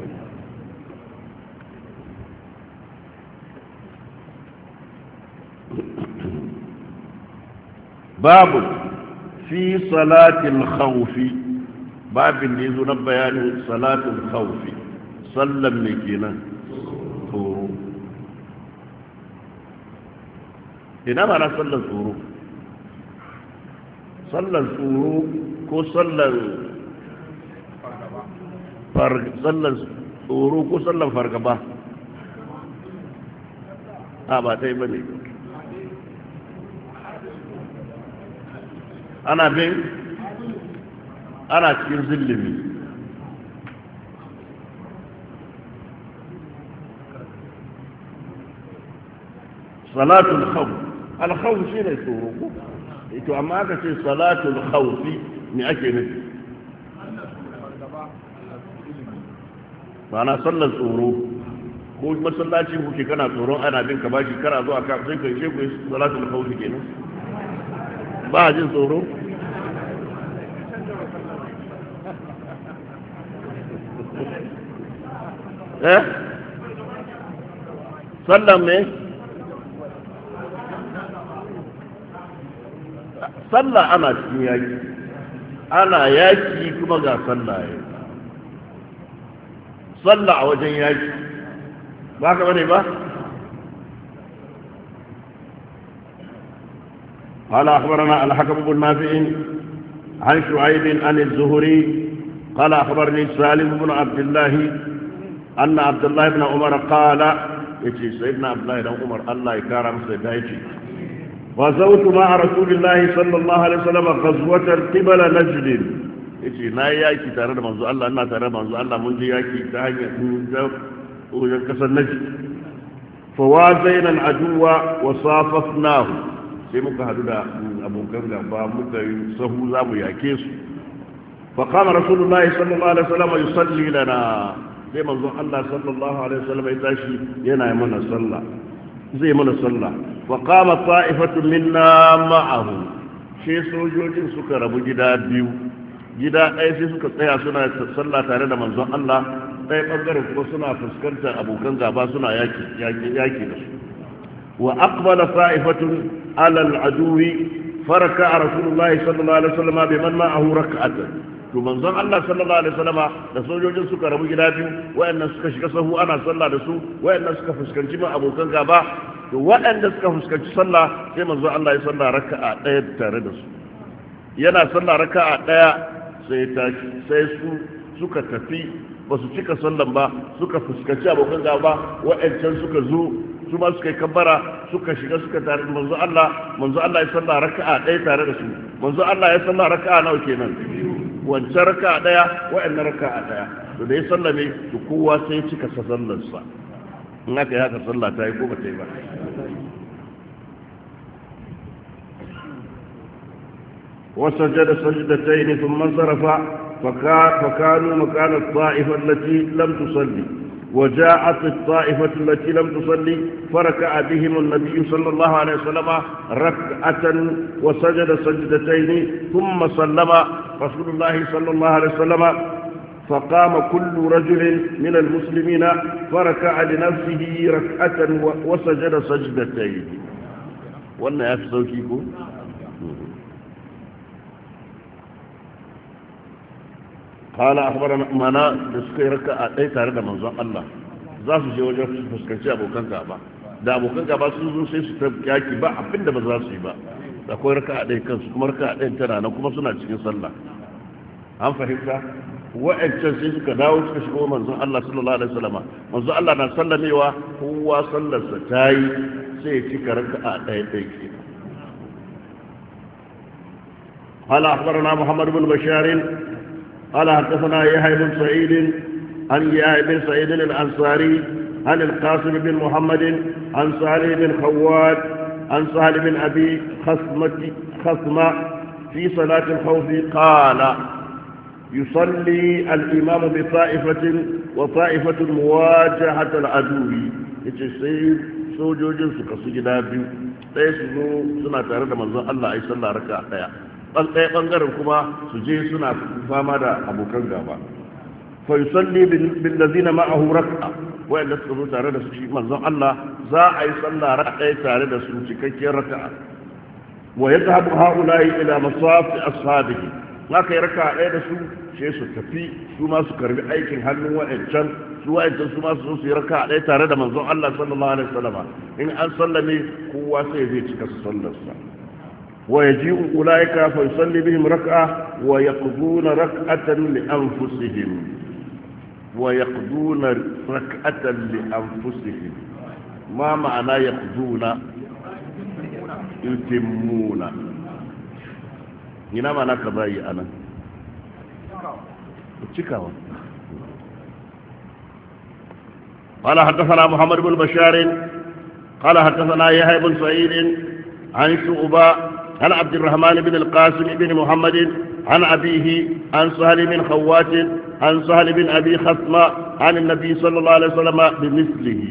babu fi salatin khawfi babin da yazo na bayanin salatin khawfi sallan ne kenan tsoro ina ba na sallan tsoro sallan tsoro ko sallan sallar tsoro ko sallar fargaba a ba ta yi ba ne ana bin ana cikin zillimi salatul khawf al khawf shine tsoro ko eh, to amma aka ce salatul khawfi me ake nufi ma'ana sallar tsoro ko masallaci kuke kana tsoron ana bin ka shi kara zuwa ka sai kai shekwai ku salatul fawzi kenan ba jin tsoro eh sallan me sallah ana cikin yaki ana yaki kuma ga sallah yake. tsalla a wajen yaki ba ka bane ba? ƙala akwabarana alhakamun nafi'in an shu'aibin an zuhuri ƙala akwabarani salim ibn abdullahi an abdullahi ibn umar ƙala ya ce sai ibn abdullahi don umar allah ya kara masa da ya ce ba zautu ma a rasulullahi sallallahu alaihi wasallam a gazuwatar kibala najdin yace na yi yaki tare da manzo Allah ina tare da manzo Allah mun je yaki ta hanyar wajen kasar naji فوازينا العدو وصاففناه sai muka hadu da abokan gaba muka yi sahu za mu yake su fa kama rasulullahi sallallahu alaihi wasallam yusalli lana sai manzo Allah sallallahu alaihi wasallam ya tashi yana mana sallah zai mana sallah wa qama ta'ifatu minna ma'ahu sai sojojin suka rabu gida biyu gida ɗaya sai suka tsaya suna sallah tare da manzon Allah ɗaya ɓangaren kuma suna fuskantar abokan gaba suna yaki da su wa aqbala sa'ifatun ala al-aduwi فركع رسول الله صلى الله عليه وسلم بمن معه ركعة to manzon Allah sallallahu alaihi wasallama da sojojin suka rabu gida biyu wayannan suka shiga sahu ana sallah da su wayannan suka fuskanci ma abokan gaba to wayanda suka fuskanci sallah sai manzon Allah ya sallah raka'a ɗaya tare da su yana sallah raka'a ɗaya. sai tashi sai su suka tafi ba su cika sallan ba suka fuskaci abokan gaba wa'ancan suka zo su ma suka yi kabbara suka shiga suka tare da manzo Allah manzo Allah ya salla raka'a ɗaya tare da su manzo Allah ya salla raka'a nawa kenan wancan raka'a ɗaya wa'annan raka'a ɗaya to da ya sallame to kowa sai ya cika sallarsa in aka yi haka sallah ta yi ko ba ta yi ba وسجد سجدتين ثم انصرف فكانوا مكان الطائفة التي لم تصلي وجاءت الطائفة التي لم تصلي فركع بهم النبي صلى الله عليه وسلم ركعة وسجد سجدتين ثم سلم رسول الله صلى الله عليه وسلم فقام كل رجل من المسلمين فركع لنفسه ركعة وسجد سجدتين وأن أفسوكيكم qala akhbarana mana da suka yi raka a ɗaya tare da manzon Allah za su je wajen fuskanci abokan gaba da abokan gaba sun zo sai su tafi tabbaki ba abinda ba za su yi ba da akwai a ɗaya kansu kuma raka a ɗayan tana nan kuma suna cikin sallah an fahimta wa'ancan sai suka dawo suka shigo manzon Allah sallallahu alaihi wasallam manzon Allah na sallamewa kowa sallarsa ta yi sai ya cika raka'a ɗaya ɗaya ke قال أخبرنا محمد بن بشار قال حدثنا يحيى بن سعيد عن يحيى بن سعيد الأنصاري عن القاسم بن محمد عن سعد بن خواد عن سهل بن أبي خصمة خصمة في صلاة الخوف قال يصلي الإمام بطائفة وطائفة مواجهة العدو يتسيب سوجوجين سكسجدا بيو ɗaya su zo suna tare da manzon Allah ɗaya ɓangaren kuma su je suna fama da abokan gaba fa yusalli bil ladina ma'ahu rak'a wa'anda suka zo tare da su shi manzon Allah za a yi sallah rak'a tare da su cikakkiyar rak'a wa ya yadhhabu ha'ula'i ila masafi ashabihi haka yi rak'a ɗaya da su sai su tafi su ma su karbi aikin hannun wa'ancan su wa'ancan su ma su zo su yi rak'a ɗaya tare da manzon Allah sallallahu alaihi wasallam in an sallame kowa sai zai cika su sallarsa ويجيء أولئك فيصلي بهم ركعة ويقضون ركعة لأنفسهم ويقضون ركعة لأنفسهم ما معنى يقضون يتمون هنا معنى كذاي أنا تشكاوة قال حدثنا محمد بن بشار قال حدثنا يحيى بن سعيد عن شعبة عن عبد الرحمن بن القاسم بن محمد عن أبيه عن سهل بن خوات عن سهل بن أبي خصمة عن النبي صلى الله عليه وسلم بمثله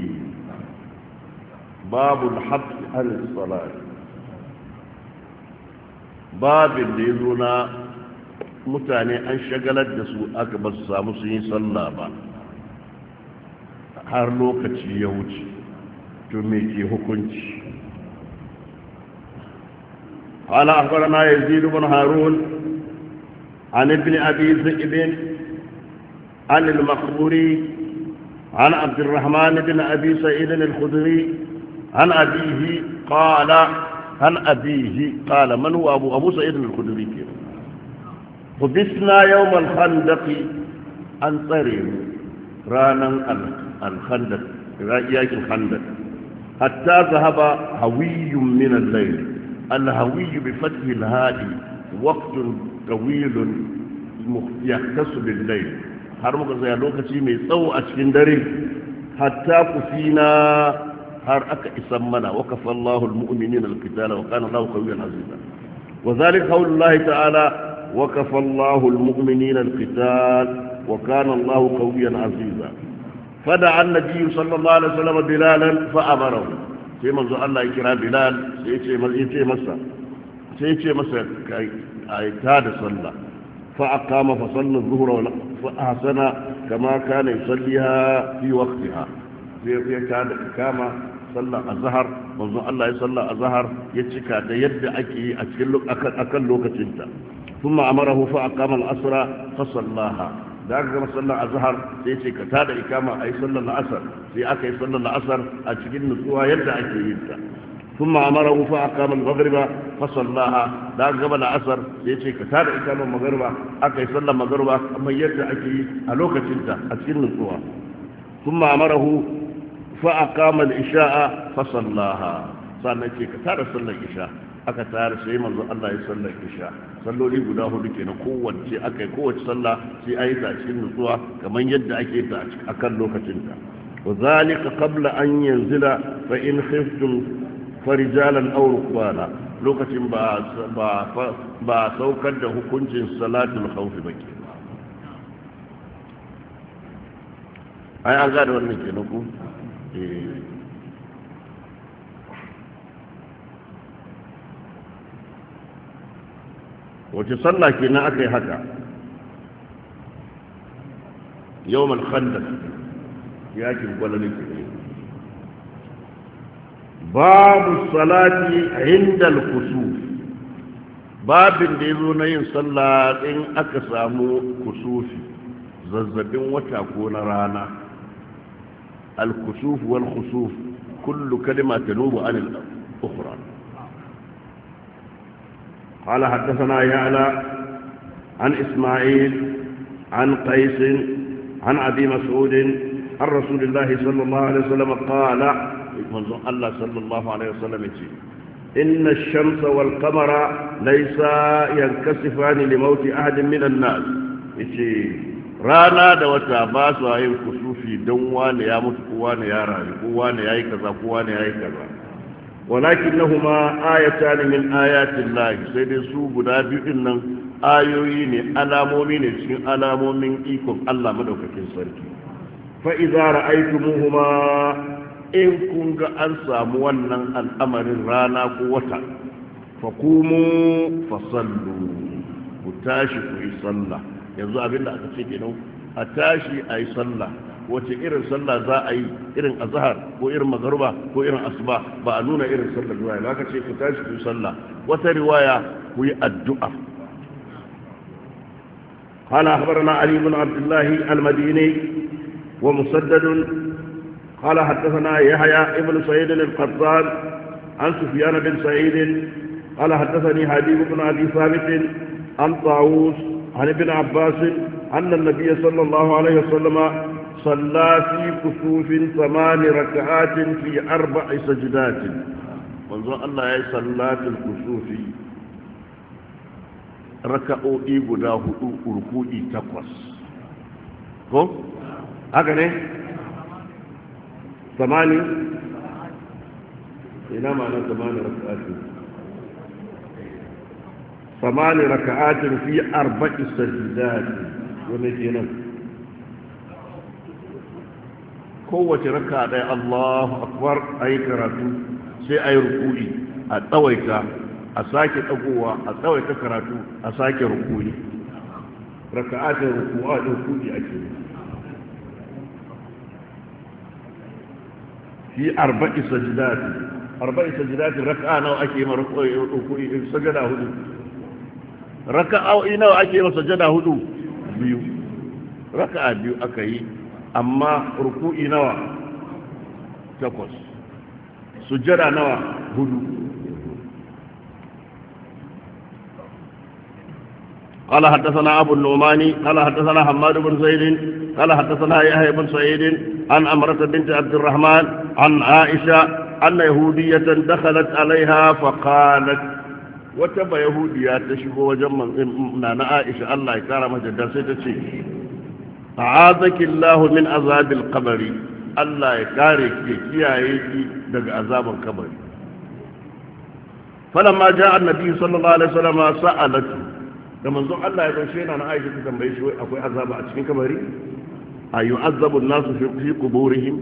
باب الحق عن الصلاة باب الليلونا متاني أن shagalar da أكبر aka صلى الله عليه وسلم yi sallah ba har قال أخبرنا يزيد بن هارون عن ابن أبي ذئب عن المخبوري عن عبد الرحمن بن أبي سعيد الخدري عن أبيه قال عن أبيه قال من هو أبو أبو سعيد الخدري حبسنا يوم الخندق أن طريق رانا الخندق رأيك الخندق حتى ذهب هوي من الليل الهوي بفتح الهادي وقت طويل يختص بالليل هرمك زي لوكا شيمي سو اشكندري حتى كسينا هرأك اسمنا وكفى الله المؤمنين القتال وكان الله قويا عزيزا وذلك قول الله تعالى وكفى الله المؤمنين القتال وكان الله قويا عزيزا فدعا النبي صلى الله عليه وسلم بلالا فأمره sai manzo Allah ya kira Bilal sai ya ce masa sai ya ce masa kai ai ta da sallah fa aqama fa sallu dhuhra wa fa ahsana kama kana yusalliha fi waqtiha sai ya ta da kama sallar azhar manzo Allah ya salla azhar ya cika da yadda ake a cikin akan lokacinta ثم أمره فأقام الأسرى فصلاها da aka gama sallar azhar sai ce ka tada ikama ayi sallar la'asar sai aka yi sallar la'asar a cikin nutsuwa yadda ake yin ta ثم أمره فأقام المغرب فصلاها لا قبل العصر يجي كتاب إقام المغرب أكي صلى المغرب أما يرجع أكي ألوك تلتا أتسل القوى ثم أمره فأقام العشاء فصلاها صار نجي كتاب صلى العشاء aka tsara sai manzo Allah ya sallar isha salloli guda hudu kenan kowace aka yi kowace sallah sai ayi ta cikin nutsuwa kamar yadda ake ta a kan lokacinta wa zalika qabla an yanzila fa in khiftum farijalan aw rukbana lokacin ba ba ba saukar da hukuncin salatul khawf ba ke ai an wannan kenan ku eh wace sallah na aka yi haka Yau khandaq yakin gwalalin kenan babu salati inda al babin da zo na yin sallah in aka samu kusufi zazzabin wata ko na rana al-kusuf wal kusuf kullu kalima tanubu anil ukhra قال حدثنا يعلى عن إسماعيل عن قيس عن أبي مسعود عن رسول الله صلى الله عليه وسلم قال الله صلى الله عليه وسلم إن الشمس والقمر ليس ينكسفان لموت أحد من الناس رانا دوتا wata هاي su دوان يا متقوان يا ya قوان يا كذا قوان يا كذا na ولكنهما آيتان من sai sai su su guda بيدن nan. Ayoyi ne alamomi ne cikin alamomin ikon Allah madaukakin sarki fa idza ra'aytumuhuma in kun ga an samu wannan al'amarin rana ko wata fa fa fasallu ku tashi ku yi sallah yanzu abinda aka ce kenan a tashi ayi sallah wace irin sallah za a yi irin azhar ko irin magharba ko irin asuba ba a nuna irin sallar riwaya ba ce ku tashi ku sallah wata riwaya ku yi addu'a قال أخبرنا علي بن عبد الله المديني ومسدد قال حدثنا يحيى ابن سعيد القطان عن سفيان بن سعيد قال حدثني حبيب بن أبي ثابت عن طاووس عن ابن عباس أن النبي صلى الله عليه وسلم صلى في كسوف ثمان ركعات في أربع سجدات منظر الله يا صلاة الكسوف ركعوا إيقنا ركوعي تقوص كم؟ هكذا ثماني إلى معنى ثمان ركعات ثمان ركعات في أربع سجدات ومكينا kowace raka ɗaya Allahu akbar ayi karatu sai ayi ruku'i a tsawaita a sake dagowa a tsawaita karatu a sake ruku'i raka'atin a da ruku'i ake fi arba'i arba'i nawa ake ma ruku'i sajada hudu nawa ake ma sajada hudu biyu raka'a biyu aka yi amma ruku'i nawa takwas sujjada nawa hudu قال حدثنا ابو النعماني قال حدثنا حماد بن زيد قال حدثنا يحيى بن سعيد عن أمرة بنت عبد الرحمن عن عائشة ان يهودية دخلت عليها فقالت وتبى يهودية تشبه وجمع من عائشة الله يكرمها جدا ستشي a'azakillahu min azabil kamari, Allah ya kare ke kiyaye ki daga azaban kabari falamma ja'a annabi sallallahu alaihi wasallam sa'alatu da manzon Allah ya yana na Aisha ta tambaye shi akwai azaba a cikin kamari? A ayu azabu nasu fi quburihim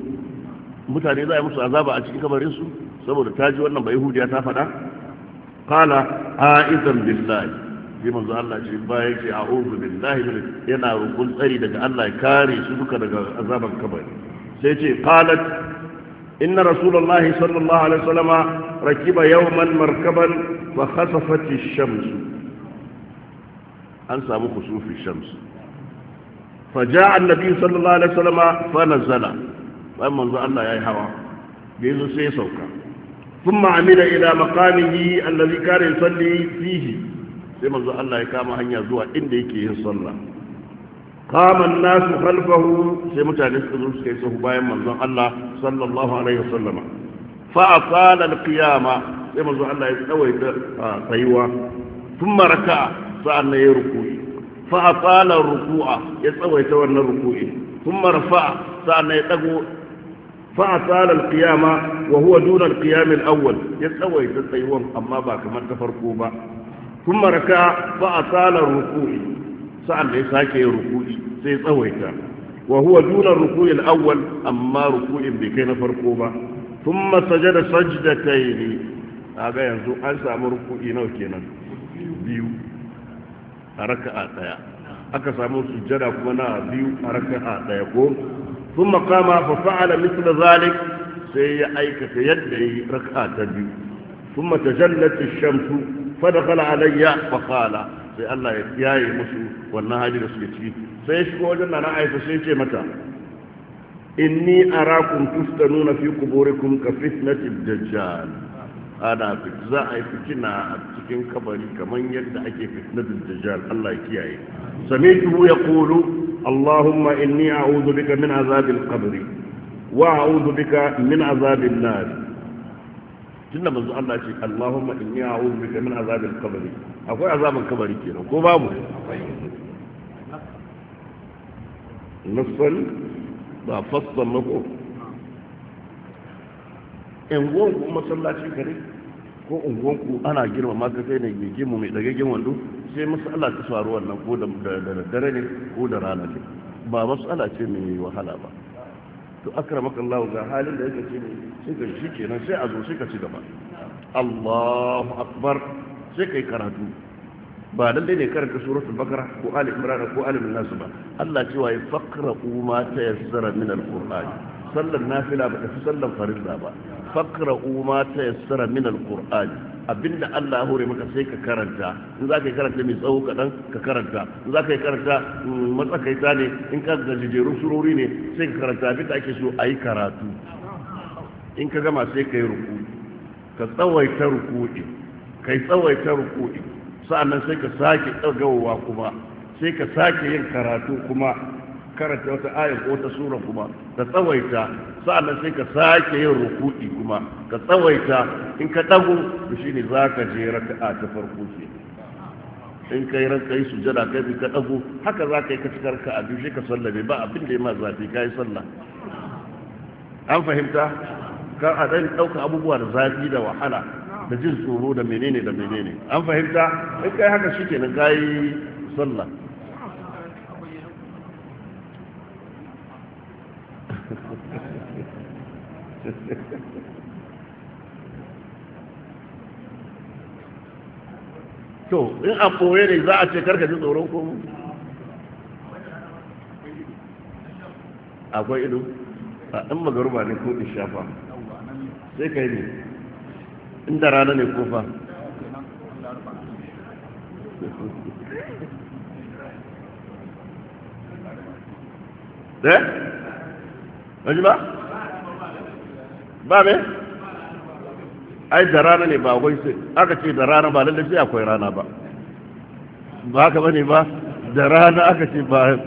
mutane za a yi musu azaba a cikin kabarin su saboda ta ji wannan bai hudiya ta faɗa qala a'izan billahi sai manzo Allah ce bayan ce a'udhu billahi min yana rukun tsari daga Allah ya kare su duka daga azaban kabari sai ce qalat inna rasulullahi sallallahu alaihi wasallama rakiba yawman markaban fa khasafat ash-shams an samu kusufi shams fa ja'a an-nabi sallallahu alaihi wasallama fa nazala bayan manzo Allah yayi hawa yanzu sai sauka ثم عمل إلى مقامه الذي كان يصلي فيه sai manzo Allah ya kama hanya zuwa inda yake yin sallah kama الناس khalfahu sai mutane suka zo suka yi sahu bayan manzon Allah sallallahu alaihi wasallama fa aqala alqiyama sai manzo Allah ya tsawaita tsayuwa thumma raka'a sa'annan ya ruku'i fa aqala rukua ya tsawaita wannan ruku'i thumma rafa'a sa'annan ya dago fa aqala alqiyama wa فأطال القيامة وهو دون القيام الأول يتسوي amma ba kamar من farko ba ثم ركع فأطال الركوع سأل ليس الركوع ركوع سيطويتا وهو دون الركوع الأول أما ركوع بكين فرقوبة ثم سجد سجدتين هذا ينزو أنسى أمر ركوعي نوكينا بيو ركعة تيا أكسى أمر سجدة كمنا بيو ركعة تيا ثم قام ففعل مثل ذلك سيأيك في يده ركعة ثم تجلت الشمس فدخل علي فقال sai Allah ya yaye musu wannan hali da suke ciki sai shigo wajen nan aisha sai ce mata inni arakum tuftanuna fi quburikum ka fitnati dajjal ana za a yi fitina a cikin kabari kamar yadda ake fitnatin dajjal Allah ya kiyaye sami'tu yaqulu allahumma inni a'udhu bika min azabil qabri wa a'udhu bika min azabil nar tunda manzo Allah ce Allahumma inni a'udhu bika min azabil qabri akwai azabin kabari kenan ko babu nasal ba fassan mako unguwan ku masallaci kare ko unguwan ku ana girma ma ka kai ne mai gimu mai dagaggen wando sai masala ta faru wannan ko da dare ne ko da rana ne ba masala ce mai wahala ba to akramaka Allah ga halin da yake ciki sai ka shi kenan sai a zo sai ka ci gaba Allahu akbar sai kai karatu ba lalle ne karanta suratul bakara ko ali imran ko ali nas ba Allah cewa ya faqra ma tayassara min kurani sallan nafila ba ta sallan farilla ba umma ta yassara min alqur'ani abinda Allah ya hore maka sai ka karanta in za ka karanta mai tsawo kaɗan ka karanta in za ka karanta mm, matsakaita ne in ka gajejerun surori ne sai ka karanta abinda ake so a yi karatu in ka gama sai ka yi ruku ka tsawaita ruku'i ka yi tsawaita ruku'i sa'annan sai ka sake ɗagawa kuma sai ka sake yin karatu kuma karanta wata ayar ko wata sura kuma ka tsawaita sa'annan sai ka sake yin ruku'i kuma ka tsawaita in ka dago to shine za ka je raka'a ta farko ce in kai ran kai su sujada kai bi ka dago haka za ka yi ka cikar ka abin shi ka sallame ba abin da ya ma zafi ka yi sallah an fahimta kar a dan ɗauka abubuwa da zafi da wahala da jin tsoro da menene da menene an fahimta in kai haka shi kenan ka yi sallah to in a ɓoye ne za a ce karka ji tsoron komo akwai ido a ɗan magaruba ne ko in shafa sai ka yi ne inda rana ne ko fa ɗaya? Eh? ba? ba mai? ai da rana ne ba akwai sai aka ce da rana ba lalle sai akwai rana ba ba haka bane ba da rana aka ce ba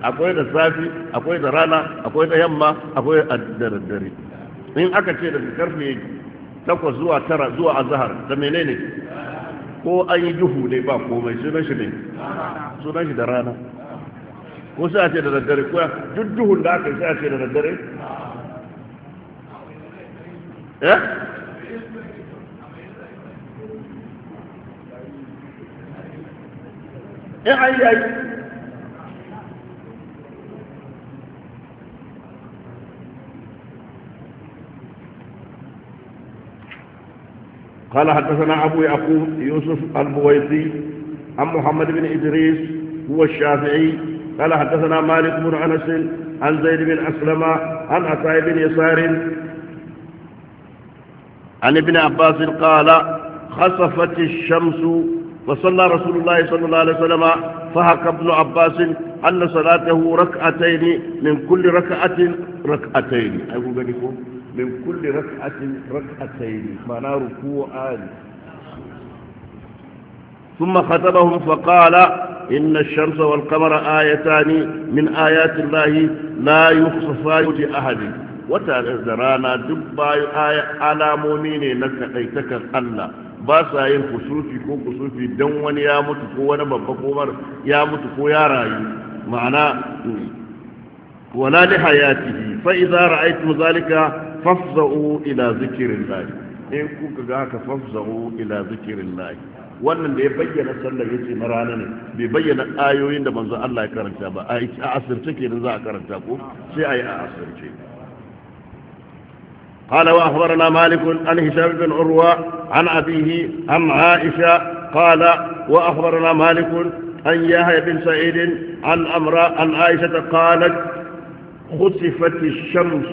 akwai da safi akwai da rana akwai da yamma akwai da daddare in aka ce da karfe 8 zuwa 9 zuwa azhar da menene ko an yi duhu ne ba komai sunan shi ne sunan shi da rana ko sai a ce da daddare ko duk duhun da aka yi sai a ce da daddare eh قال حدثنا أبو يعقوب يوسف البويطي عن محمد بن إدريس هو الشافعي قال حدثنا مالك بن أنس عن زيد بن أسلم عن عطاء بن يسار عن ابن عباس قال خسفت الشمس وصلى رسول الله صلى الله عليه وسلم فحكى ابن عباس أن صلاته ركعتين من كل ركعة ركعتين أقول لكم من كل ركعة ركعتين معنى آل ثم خطبهم فقال إن الشمس والقمر آيتان من آيات الله لا يخصفان لأحد وتعذرانا دبا آية على مؤمنين لك أيتك الله ba sa yin kusufi ko kusufi don wani ya mutu ko wani babba ko ya mutu ko ya rayu ma'ana wala li hayatihi fa idza ra'aytum zalika fafza'u ila zikrillah in kuka ga ka fafza'u ila zikrillah wannan da ya bayyana sallar yace na rana ne bai bayyana ayoyin da manzo Allah ya karanta ba a asirce kenan za a karanta ko sai ayi a asirce قال وأخبرنا مالك عن هشام بن عروة عن أبيه عن عائشة قال وأخبرنا مالك عن يحيى بن سعيد عن أمر عن عائشة قالت خسفت الشمس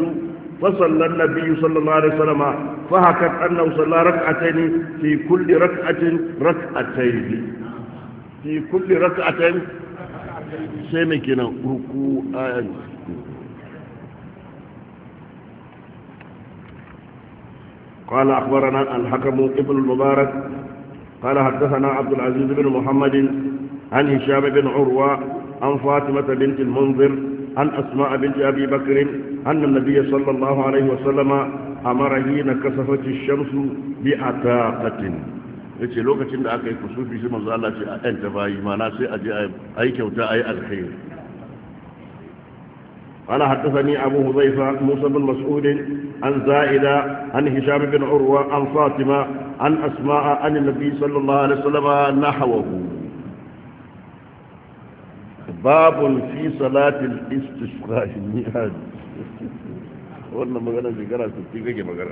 فصلى النبي صلى الله عليه وسلم فهكت أنه صلى ركعتين في كل ركعة ركعتين في كل ركعة سيمكنا ركوعا قال أخبرنا الحكم ابن المبارك قال حدثنا عبد العزيز بن محمد عن هشام بن عروة عن فاطمة بنت المنذر عن أسماء بنت أبي بكر أن النبي صلى الله عليه وسلم أمره نكسفت الشمس بأتاقة yace lokacin da aka yi kusufi shi manzo Allah ce a ɗan ta bayi mana sai a je a yi kyauta a yi alkhairi قال حدثني أبو هذيفة موسى بن مسعود عن زائدة عن هشام بن عروة عن فاطمة عن أسماء عن النبي صلى الله عليه وسلم نحوه باب في صلاة الاستسقاء الميعاد wannan magana shekara 60 kake magana